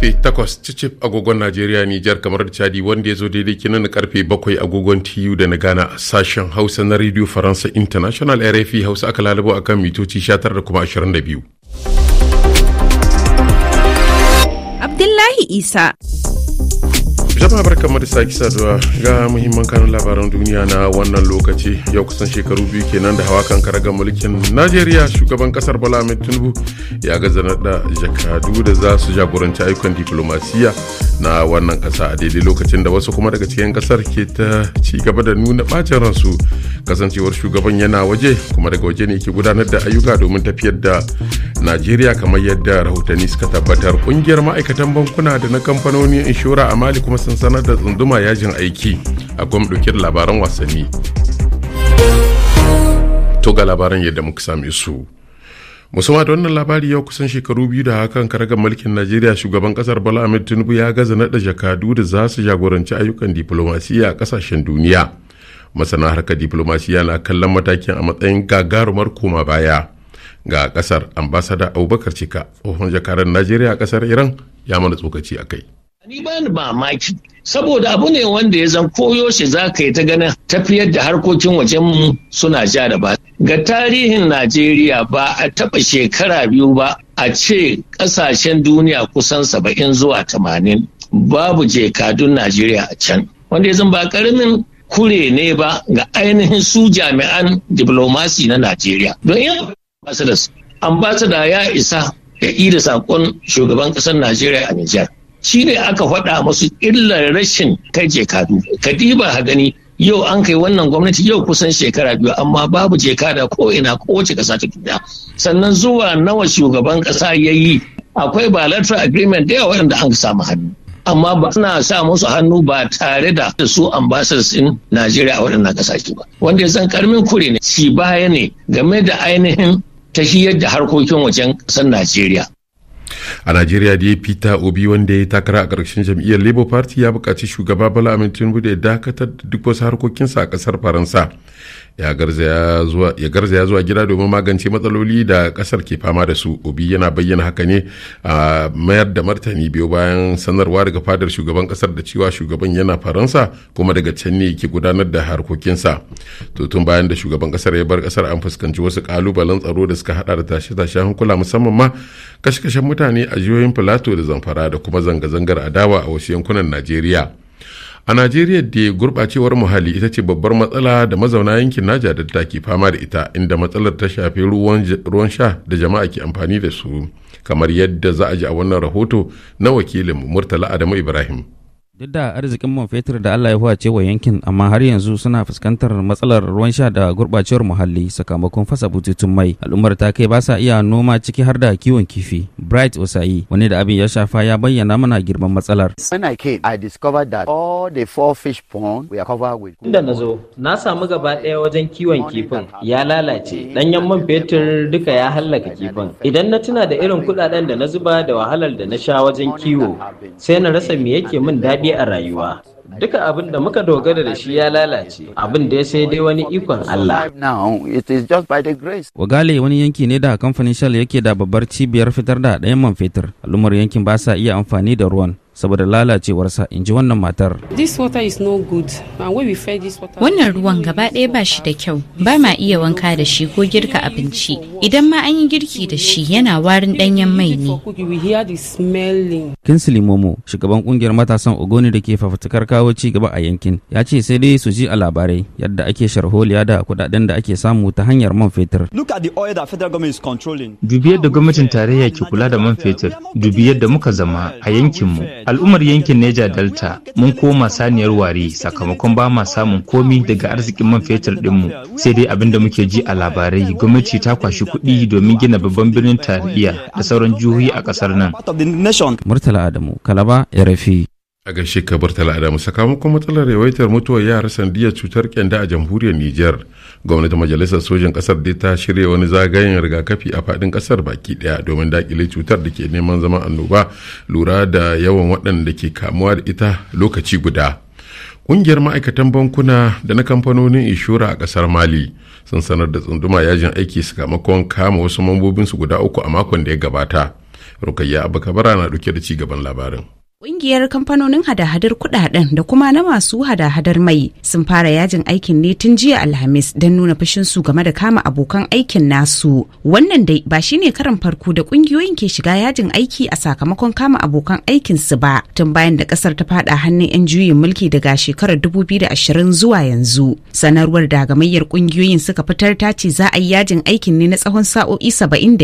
karfe 8 cicif agogon Najeriya Nijar kamar da Chadi wanda ya zo daidai kinan karfe 7 agogon TU da na Ghana sashen Hausa na Radio Faransa International RFI Hausa aka lalabo akan mitoci 19 da kuma 22. Abdullahi Isa jama'a barkanmu da sake saduwa ga muhimman kanun labaran duniya na wannan lokaci yau kusan shekaru biyu kenan da hawa kankara ga mulkin najeriya shugaban kasar bola ya gaza da jakadu da za su jagoranci ayyukan diplomasiya na wannan kasa a daidai lokacin da wasu kuma daga cikin kasar ke ta ci gaba da nuna bacin ransu kasancewar shugaban yana waje kuma daga waje ne ke gudanar da ayyuka domin tafiyar da najeriya kamar yadda rahotanni suka tabbatar kungiyar ma'aikatan bankuna da na kamfanonin inshora a mali kuma sun sanar da tsunduma yajin aiki a gwam ɗauke da labaran wasanni to ga labaran yadda muka sami su musamman da wannan labari yau kusan shekaru biyu da hakan karagar mulkin najeriya shugaban kasar bala ahmed tinubu ya gaza naɗa jakadu da za su jagoranci ayyukan diplomasiya a kasashen duniya masana harkar diplomasiya na kallon matakin a matsayin gagarumar koma baya ga kasar ambasada abubakar cika tsohon jakarar najeriya a kasar iran ya mana tsokaci a kai Ni ba ni mamaki, saboda abu ne wanda ya zan koyo shi za ka yi ta ganin tafiyar da harkokin wajen suna ja da ba. Ga tarihin Najeriya ba a taɓa shekara biyu ba a ce ƙasashen duniya kusan saba'in zuwa tamanin babu jekadun Najeriya a can. Wanda ya zan ba ƙaramin kure ne ba ga ainihin su jami'an diplomasi na Najeriya. Don yin ambasada ya isa ya da saƙon shugaban ƙasar Najeriya a Nijar. shi ne aka faɗa masu illar rashin kai je jekadu kadiba ha gani yau an kai wannan gwamnati yau kusan shekara biyu amma babu kada ko ina wace kasa ta duniya sannan zuwa nawa shugaban ƙasa ya yi akwai bilateral agreement da yawa waɗanda an samu hannu amma ba suna sa musu hannu ba tare da su ambassadors in Najeriya a waɗannan ƙasashe ba wanda zan karmin kure ne Shi baya ne game da ainihin tashiyar da harkokin wajen ƙasar Najeriya a najeriya da peter obi wanda ya takara a ƙarshen jam'iyyar labour party ya buƙaci shugaba bala amintin da ya dakatar da duk wasu harkokinsa a ƙasar faransa ya garzaya zuwa gida domin magance matsaloli da kasar ke fama da su obi yana bayyana haka ne a mayar da martani biyu bayan sanarwa daga fadar shugaban kasar da cewa shugaban yana faransa kuma daga can ne ke gudanar da harkokinsa to tun bayan da shugaban kasar ya bar kasar an fuskanci wasu kalubalen tsaro da suka hada da tashe-tashen hankula musamman ma kashe-kashen mutane a jihohin filato da zamfara da kuma zanga-zangar adawa a wasu yankunan najeriya a najeriya da gurɓacewar muhalli ita ce babbar matsala da mazauna yankin naja da ta ke fama da ita inda matsalar ta shafi ruwan sha da jama'a ke amfani da su kamar yadda za a ji a wannan rahoto na wakilin murtala adamu ibrahim Duk da arzikin man fetur da Allah ya huwace wa yankin amma har yanzu suna fuskantar matsalar ruwan sha da gurbacewar muhalli sakamakon fasa bututun mai. Al'ummar ta kai ba sa iya noma ciki har da kiwon kifi. Bright Osayi wani da abin ya shafa ya bayyana mana girman matsalar. When I came, I discovered that all the four fish pond are covered with. Inda nazo na samu gaba ɗaya wajen kiwon kifin ya lalace. Ɗanyen man fetur duka ya hallaka kifin. Idan na tuna da irin kudaden da na zuba da wahalar da na sha wajen kiwo, sai na rasa me yake min daɗi rage a rayuwa duka abin da muka dogara da shi ya lalace abin da ya sai dai wani ikon Allah. Wagale wani yanki ne da kamfanin shal yake da babbar cibiyar fitar da ɗayan man fetur, al'ummar yankin ba sa iya amfani da ruwan saboda lalacewarsa in ji wannan matar. Wannan ruwan gaba ɗaya ba shi da kyau, ba ma iya wanka da shi ko girka abinci. Idan ma an yi girki da shi yana warin ɗanyen mai ne. Kinsley Momo, shugaban ƙungiyar matasan Ogoni da ke fafutukar kawo ci gaba a yankin, ya ce sai dai su ji a labarai yadda ake sharholiya da kuɗaɗen da ake samu ta hanyar man fetur. Dubi yadda gwamnatin tarayya ke kula da man fetur, dubi yadda muka zama a yankinmu. al'ummar yankin neja delta mun koma saniyar ware sakamakon ba ma samun komi daga arzikin man fetur dinmu sai dai abinda muke ji a labarai gwamnati ta kwashi kuɗi domin gina babban birnin tarayya da sauran jihohi a ƙasar nan murtala adamu kalaba rfi a gaishe kabar talada sakamakon matsalar yawaitar mutuwar yara sandiya cutar kyanda a jamhuriyar niger gwamnatin majalisar sojin kasar dai ta shirya wani zagayen rigakafi a fadin kasar baki daya domin dakile cutar da ke neman zama annoba lura da yawan waɗanda ke kamuwa da ita lokaci guda Ƙungiyar ma'aikatan bankuna da na kamfanonin inshora a ƙasar Mali sun sanar da tsunduma yajin aiki sakamakon kama wasu mambobinsu guda uku a makon da ya gabata. Rukayya abu Kabara na ɗauke da ci gaban labarin. Ƙungiyar kamfanonin hada-hadar kuɗaɗen da kuma na masu hada-hadar mai sun fara yajin aikin ne tun jiya Alhamis don nuna fushin su game da kama abokan aikin nasu. Wannan dai ba shi ne karan farko da ƙungiyoyin ke shiga yajin aiki a sakamakon kama abokan aikin su ba tun bayan da ƙasar ta faɗa hannun 'yan juyin mulki daga shekarar dubu biyu da ashirin zuwa yanzu. Sanarwar da gamayyar ƙungiyoyin suka fitar ta ce za a yi yajin aikin ne na tsawon sa'o'i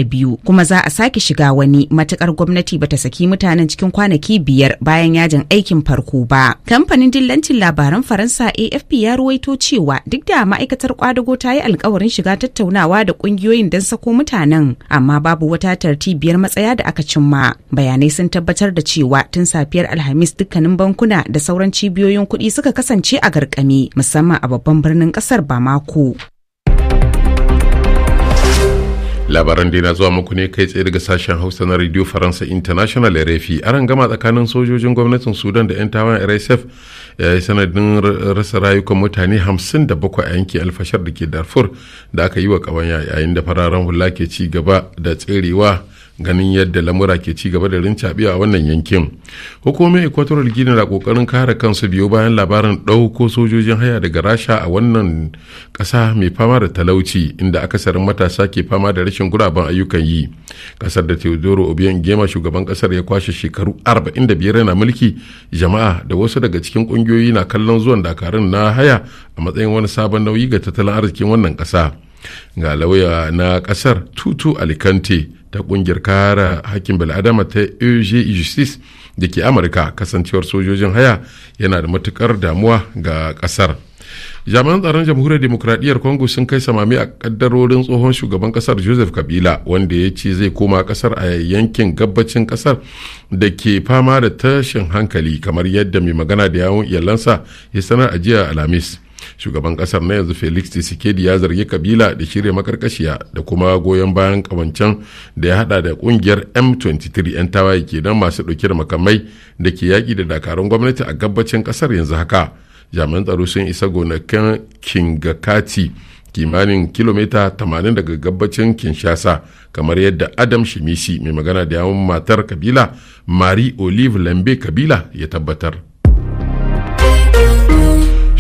biyu, kuma za a sake shiga wani matukar gwamnati bata saki mutanen cikin kwanaki biyar biyar bayan yajin aikin farko ba. Kamfanin dillancin labaran Faransa AFP ya ruwaito cewa duk da ma'aikatar kwadago ta yi alkawarin shiga tattaunawa da kungiyoyin don sako mutanen amma babu wata tartibiyar matsaya da aka cimma. Bayanai sun tabbatar da cewa tun safiyar Alhamis dukkanin bankuna da sauran cibiyoyin kuɗi suka kasance a garkami musamman a babban birnin ƙasar Bamako. labaran dai na zuwa muku ne kai tsaye daga sashen hausa na radio faransa international ya refi aran gama tsakanin sojojin gwamnatin sudan da 'yan tawayen rsf ya yi sanadin rasa rayukan mutane 57 a yankin alfashar da ke darfur da aka yi wa kawanya yayin da fararen hula ke ci gaba da tserewa ganin yadda lamura ke ci gaba da rincaɓe a wannan yankin hukumomin equatorial guinea na kokarin kare kansu biyo bayan labarin ɗauko sojojin haya daga rasha a wannan ƙasa mai fama da talauci inda akasarin matasa ke fama da rashin guraben ayyukan yi ƙasar da teodoro obiyan gema shugaban ƙasar ya kwashe shekaru 45 yana mulki jama'a da wasu daga cikin ƙungiyoyi na kallon zuwan dakarun na haya a matsayin wani sabon nauyi ga tattalin arzikin wannan ƙasa ga lauya na kasar tutu alicante ta kungiyar kare hakkin bil'adama ta UG Justice da ke Amurka kasancewar sojojin haya yana da matukar damuwa ga kasar. jami'an tsaron jamhuriyar demokradiyyar congo sun kai samami a kaddarorin tsohon shugaban kasar joseph kabila wanda ya ce zai koma kasar a yankin gabacin kasar da ke fama da tashin hankali kamar yadda mai magana da yawon iyalansa ya sanar a jiya alhamis shugaban kasar na yanzu felix tshisekedi ya zargi kabila da shirya makarkashiya da kuma goyon bayan kawancan da ya hada da kungiyar m23 'yan tawaye ke nan masu dauke da makamai da ke yaki da dakarun gwamnati a gabacin kasar yanzu haka jami'an tsaro sun isa gonakin kingakati kimanin kilomita 80 daga gabacin kinshasa kamar yadda adam shimisi mai magana da yawon matar kabila marie olive lambe kabila ya tabbatar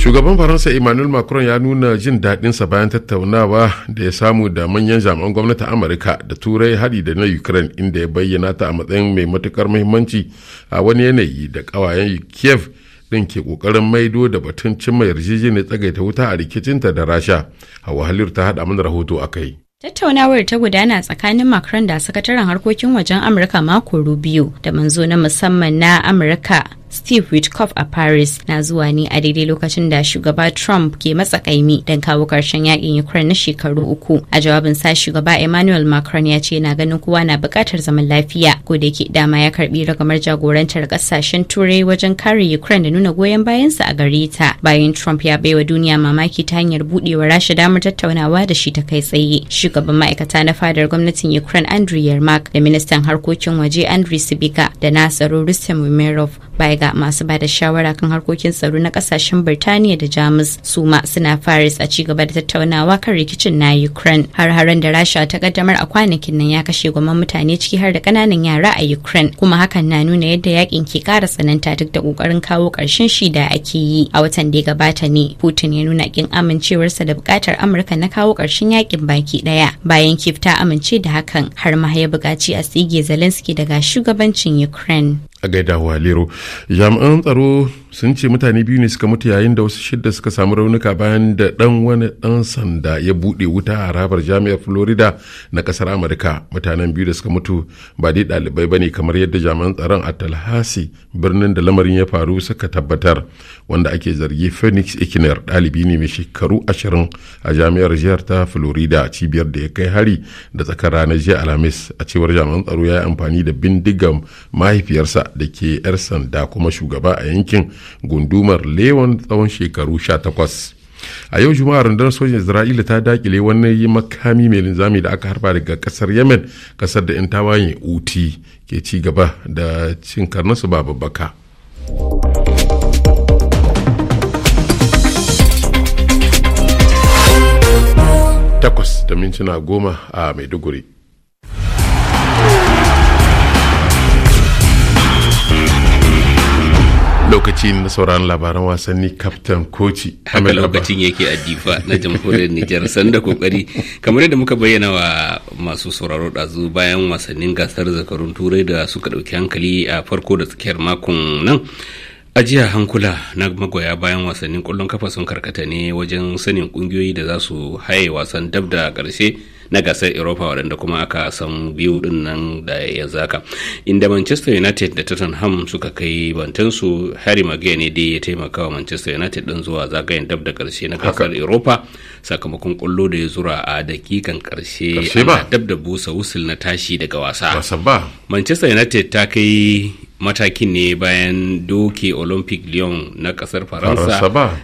shugaban faransa emmanuel macron ya nuna jin daɗinsa bayan tattaunawa da ya samu da manyan jami'an gwamnati amurka da turai haɗi da na ukraine inda ya bayyana ta a matsayin mai matukar muhimmanci a wani yanayi da kawayen kiev din ke kokarin maido da batun cimma yarjejeniyar tsagaita wuta a rikicinta da rasha a wahalar ta haɗa mana rahoto a kai Tattaunawar ta gudana tsakanin Macron da sakataren harkokin wajen Amurka mako biyu da manzo na musamman na Amurka Steve Witkoff a Paris na zuwa ne a daidai lokacin da shugaba Trump ke matsa kaimi don kawo karshen yakin Ukraine na shekaru uku. A jawabin sa shugaba Emmanuel Macron ya ce na ganin kowa na buƙatar zaman lafiya ko da yake dama ya karbi ragamar jagorantar kasashen Turai wajen kare Ukraine da nuna goyon bayansa a gare ta. Bayan Trump ya baiwa duniya mamaki ta hanyar buɗewa Rasha damar tattaunawa da shi ta kai tsaye. Shugaban ma'aikata na fadar gwamnatin Ukraine Andriy Yermak da ministan harkokin waje Andriy Sibika da na tsaro Rustem Umerov baya ga masu ba da shawara kan harkokin tsaro na kasashen Birtaniya da Jamus su ma suna Paris a ci gaba da tattaunawa kan rikicin na Ukraine. Har-haren da Rasha ta kaddamar a kwanakin nan ya kashe goma mutane ciki har da kananan yara a Ukraine kuma hakan na nuna yadda yakin ke kara tsananta duk da kokarin kawo ƙarshen shi da ake yi. A watan da ya gabata ne Putin ya nuna kin amincewarsa da buƙatar Amurka na kawo ƙarshen yakin baki ɗaya bayan Kiev ta amince da hakan har ma ya bukaci a tsige Zelensky daga shugabancin Ukraine. a gaida walero jami'an tsaro sun ce mutane biyu ne suka mutu yayin da wasu shidda suka samu raunuka bayan da dan wani dan sanda ya bude wuta a harabar jami'ar florida na kasar amurka mutanen biyu da suka mutu ba dai dalibai ne kamar yadda jami'an tsaron a talhasi birnin da lamarin ya faru suka tabbatar wanda ake zargi phoenix ikiner dalibi ne mai shekaru ashirin a jami'ar jihar ta florida cibiyar da ya kai hari da tsakar ranar jiya alhamis a cewar jami'an tsaro ya yi amfani da bindigan mahaifiyarsa da ke 'yar sanda kuma shugaba a yankin gundumar lewan tsawon shekaru sha takwas a yau juma'a rundunar sojin isra'ila ta dakile wani makami mai linzami da aka harba daga kasar yemen kasar da 'yan tawayen uti ke ci gaba da cin karnasu ba babbaka takwas da mintuna goma a maiduguri lokaci na sauraron labaran wasanni kaftan koci haka lokacin yake a difa na jamhuriyar nijar sanda kokari kamar yadda muka bayyana wa masu sauraro ɗazu bayan wasannin gasar zakarun turai da suka ɗauki hankali a farko da tsakiyar makon nan Ajiya hankula na magoya bayan wasannin kwallon kafa sun karkata ne wajen sanin kungiyoyi da za su haye wasan dab da ƙarshe na gasar europa waɗanda kuma aka san biyu ɗin nan da yanzu haka inda manchester united da tottenham suka kai bantansu harry maguire ne dai ya taimaka wa manchester united ɗin zuwa zagayen dab da ƙarshe na gasar europa sakamakon kullo da ya zura a dakikan ƙarshe ana dab da busa wusul na tashi daga wasa manchester united ta kai matakin ne bayan doke olympic lyon na kasar faransa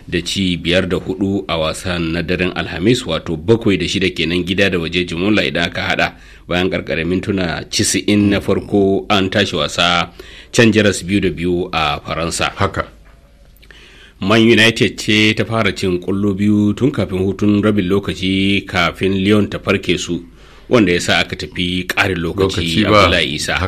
da ci biyar da hudu a wasan na daren alhamis wato bakwai da shida kenan gida da waje jimola idan aka hada bayan karkare mintuna cisi'in na farko an tashi wasa can jaras biyu da biyu a faransa haka man united ce ta fara cin kullo biyu tun kafin hutun rabin lokaci kafin lyon ta farke su wanda ya sa aka tafi ƙarin lokaci Abdullahi Isa.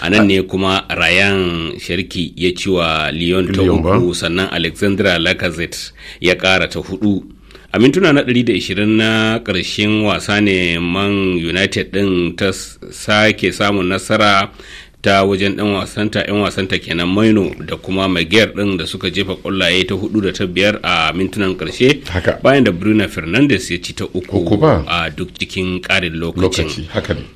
A nan ne kuma Rayan Sharki ya ci wa leon ta uku sannan Alexandra Lacazette ya ƙara ta hudu. a mintuna na 120 na ƙarshen wasa ne man united ɗin ta sake samun nasara ta wajen dan wasanta yan wasanta kenan maino da kuma magiyar din da suka jefa kwallaye ta hudu da ta biyar a mintunan karshe bayan da bruno fernandes ya ci ta uku a duk cikin karin lokacin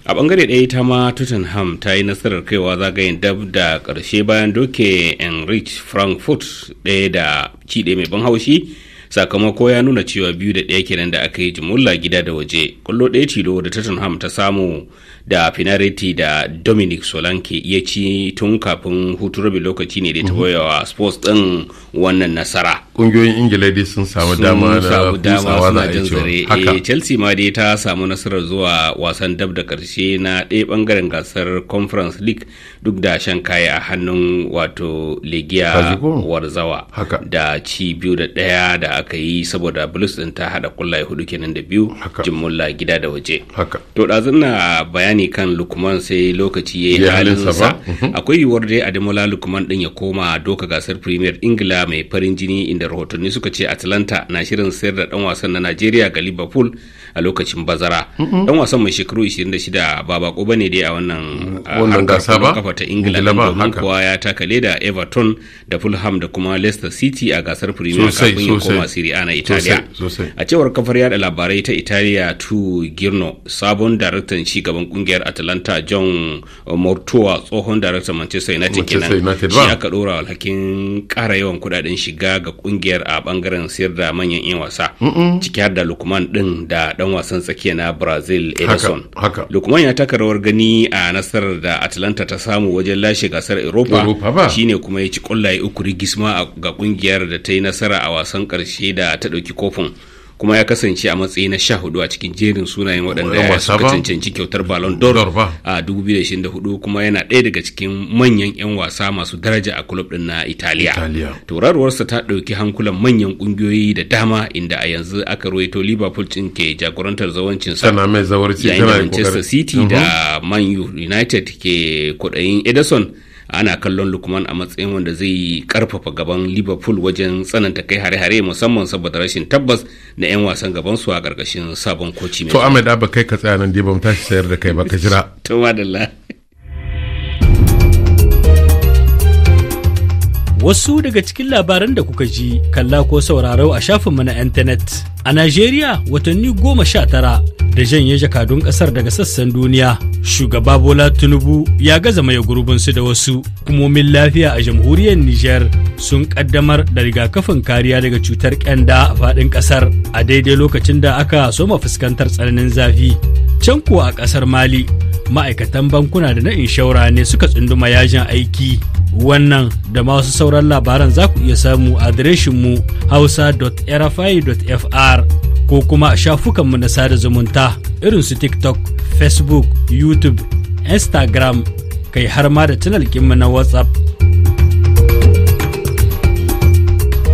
a bangare ɗaya ta ma tottenham ta yi nasarar kaiwa zagayen dab da karshe bayan doke enrich frankfurt ɗaya da ci mai ban haushi sakamako ya nuna cewa biyu da ɗaya kenan da aka yi jimulla gida da waje kullo ɗaya tilo da tottenham ta samu da finariti da dominic solanke ya ci tun kafin hutu rabin lokaci ne da ta mhm. wa sports din wannan nasara Kungiyoyin ingila dai sun samu dama da dama suna jin zare eh, chelsea ma dai ta samu nasarar zuwa wasan dab da karshe na ɗaya bangaren gasar conference league duk da shan kaya a hannun wato Legia warzawa da ci biyu da ɗaya da aka yi saboda blues din ta haɗa kullaye hudu kenan da biyu jimmulla gida da waje to ɗazun na bayani bayani kan lukman sai lokaci ya yi halinsa akwai yiwuwar dai ademola lukman din ya koma doka gasar premier ingila mai farin jini inda rahotanni suka ce atlanta na shirin sayar da dan wasan na nigeria ga liverpool a lokacin bazara mhm. dan wasan mai shekaru 26 ba bako bane dai a wannan kafa ta ingila domin kuwa ya taka leda everton da fulham da kuma leicester city a gasar premier kafin ya koma serie a na italiya a cewar kafar yada labarai ta italiya tu girno sabon daraktan shi gaban kungiyar atalanta john mortua tsohon director manchester united kenan shi aka dora alhakin kara yawan kudaden shiga ga kungiyar a bangaren sayar da manyan yan wasa ciki har da lukman din da dan wasan tsakiya na brazil edison lukman ya taka rawar gani a nasarar da atalanta ta samu wajen lashe gasar europa shine kuma ya ci kwallaye uku rigisma ga kungiyar da ta yi nasara a wasan karshe da ta dauki kofin kuma ya kasance a matsayi na sha hudu a cikin jerin sunayen waɗanda suka cancanci kyautar Ballon d'Or a 2024 kuma yana ɗaya daga cikin manyan 'yan wasa masu daraja a kulob ɗin na Italiya. turaruwarsa ta ɗauki hankulan manyan ƙungiyoyi da dama inda a yanzu aka ruwaito Liverpool cin ke jagorantar zawancin sa. Tana mai zawarci tana Manchester City da mhm. Man United ke kuɗayin Edison ana kallon lukman a matsayin wanda zai karfafa gaban liverpool wajen tsananta kai hare-hare musamman saboda rashin tabbas na 'yan wasan gaban su a karkashin sabon koci mai to ahmed abba kai ka tsaya nan dai ba mu tashi sayar da kai ba ka jira to Wasu daga cikin labaran da kuka ji kalla ko sauraro a shafinmu na intanet. A Najeriya watanni goma sha tara da janye jakadun ƙasar daga sassan duniya. Shugaba Bola Tinubu ya gaza gurbin su da wasu hukumomin lafiya a jamhuriyar Nijar sun ƙaddamar da rigakafin kariya daga cutar ƙyanda a faɗin ƙasar a daidai lokacin da aka soma fuskantar tsananin zafi. Can kuwa a ƙasar Mali, ma'aikatan bankuna da na inshora ne suka tsunduma yajin aiki. Wannan da masu sauran labaran za ku iya samu a adireshinmu hausa.rfi.fr ko kuma a shafukanmu na sada zumunta irin su TikTok, Facebook, YouTube, Instagram, kai har ma da canal kinmu na WhatsApp.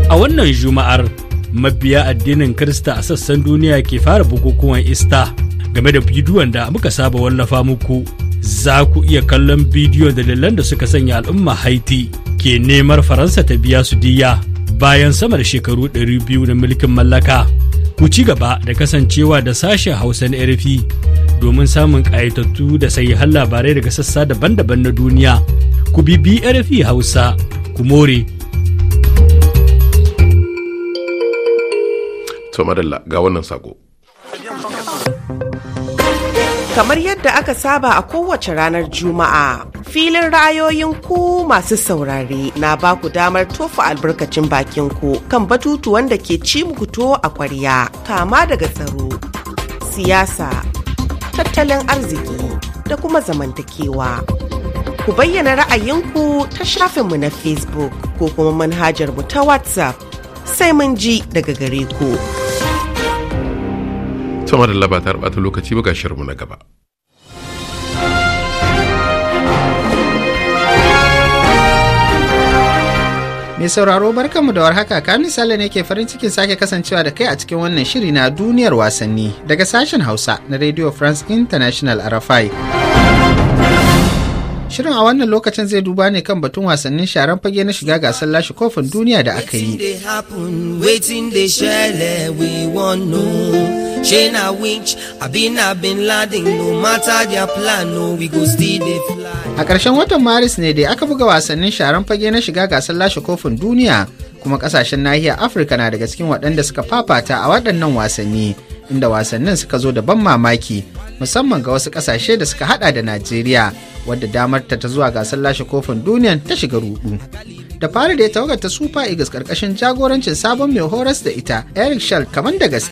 A wannan Juma'ar, mabiya addinin Kirista a sassan duniya ke fara bukukuwan Ista. game da bidiyon da muka saba wallafa muku za ku iya kallon bidiyon dalilan da suka sanya al'umma haiti ke nemar faransa ta biya su diya bayan sama da shekaru 200 na mulkin mallaka ku ci gaba da kasancewa da sashen hausa na rfi domin samun ƙayatattu da sahihan labarai daga sassa daban-daban na duniya ku bibi rfi hausa ku more to madalla ga wannan sako kamar yadda aka saba a kowace ranar Juma'a. Filin ra'ayoyin ku masu saurare na ba ku damar tofa albarkacin bakin ku kan batutuwan da ke ci muku to a kwarya kama daga tsaro, siyasa, tattalin arziki da kuma zamantakewa. Ku bayyana ra'ayinku ta shafinmu na Facebook ko kuma manhajar mu ta WhatsApp sai mun ji daga gare ku. to da laba ta ta lokaci ba ga na gaba Mai sauraro barkanmu da warhaka kamin misali ne ke farin cikin sake kasancewa da kai a cikin wannan shiri na duniyar wasanni daga sashen Hausa na Radio France International Arafai. Shirin a wannan lokacin zai duba ne kan batun wasannin sharan fage na shiga gasar lashe kofin duniya da aka yi. shey na winch abi na bin ladin no matter their plan no we go still dey fly a ƙarshen watan maris ne dai aka buga wasannin sharan fage na shiga gasar lashe kofin duniya kuma kasashen nahiyar afirka na daga cikin waɗanda suka fafata a waɗannan wasanni inda wasannin suka zo da ban mamaki musamman ga wasu ƙasashe da suka hada da najeriya wadda damar ta ta zuwa gasar lashe kofin duniya ta shiga rudu da fari da ya tawagar ta super eagles karkashin jagorancin sabon mai horas da ita eric shell kamar da gaske